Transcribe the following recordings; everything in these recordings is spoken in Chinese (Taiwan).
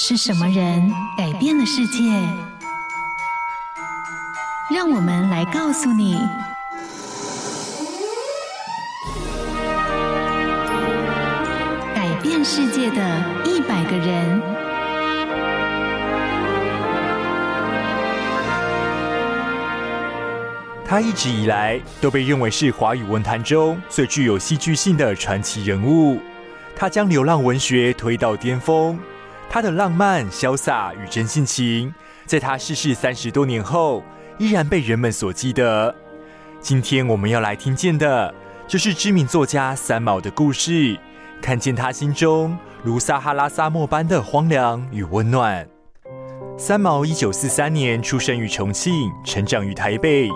是什麼人改變了世界？讓我們來告訴你：改變世界的一百個人。他一直以來都被認為是華語文壇中最具有戲劇性的傳奇人物。他將流浪文學推到巔峰。他的浪漫、瀟灑與真性情，在他逝世三十多年後，依然被人們所記得。今天我們要來聽見的，就是知名作家三毛的故事，看見他心中如撒哈拉沙漠般的荒涼與溫暖。三毛一九四三年出生於重慶，成長於台北，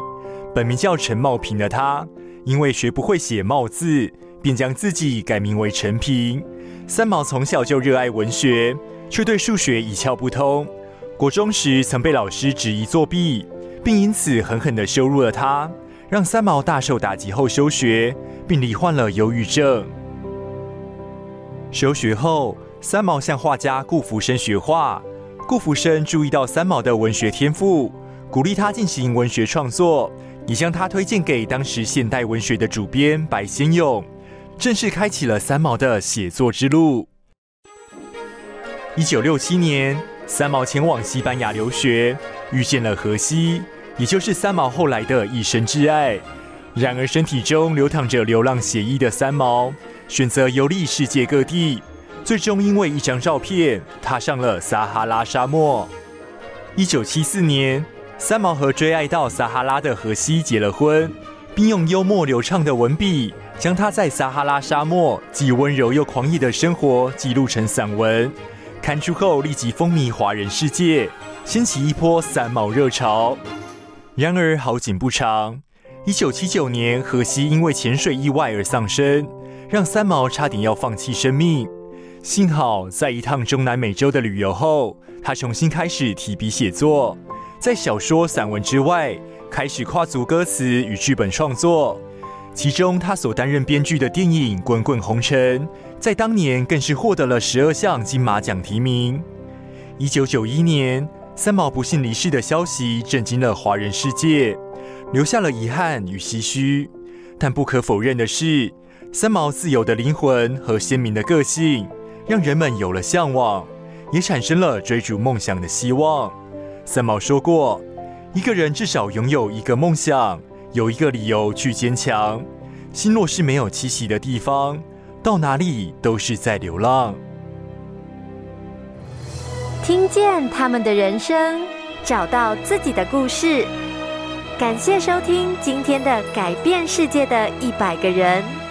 本名叫陳茂平的他，因為學不會寫“茂”字，便將自己改名為陳平。三毛從小就熱愛文學。卻對數學一竅不通。國中時曾被老師質疑作弊，並因此狠狠地羞辱了他，讓三毛大受打擊後休學，並罹患了憂鬱症。休學後，三毛向畫家顧福生學畫。顧福生注意到三毛的文學天賦，鼓勵他進行文學創作，也將他推薦給當時現代文學的主編白先勇，正式開啟了三毛的寫作之路。一九六七年，三毛前往西班牙留學，遇見了荷西，也就是三毛後來的一生摯愛。然而，身體中流淌着流浪血液的三毛，選擇遊歷世界各地，最終因為一張照片，踏上了撒哈拉沙漠。一九七四年，三毛和追愛到撒哈拉的荷西結了婚，並用幽默流暢的文筆。將他在撒哈拉沙漠既溫柔又狂野的生活記錄成散文，刊出後立即風靡華人世界，掀起一波三毛熱潮。然而好景不長，一九七九年荷西因為潛水意外而喪生，讓三毛差點要放棄生命。幸好在一趟中南美洲的旅遊後，他重新開始提筆寫作，在小說、散文之外，開始跨足歌詞與劇本創作。其中，他所擔任編劇的電影《滾滾紅塵》在當年更是獲得了十二項金馬獎提名。一九九一年，三毛不幸離世的消息震驚了華人世界，留下了遺憾與唏噓。但不可否認的是，三毛自由的靈魂和鮮明的個性，讓人們有了向往，也產生了追逐夢想的希望。三毛說過：“一個人至少擁有一個夢想。”有一個理由去堅強，心若是沒有棲息的地方，到哪裡都是在流浪。聽見他們的人生，找到自己的故事。感謝收聽今天的改變世界的一百個人。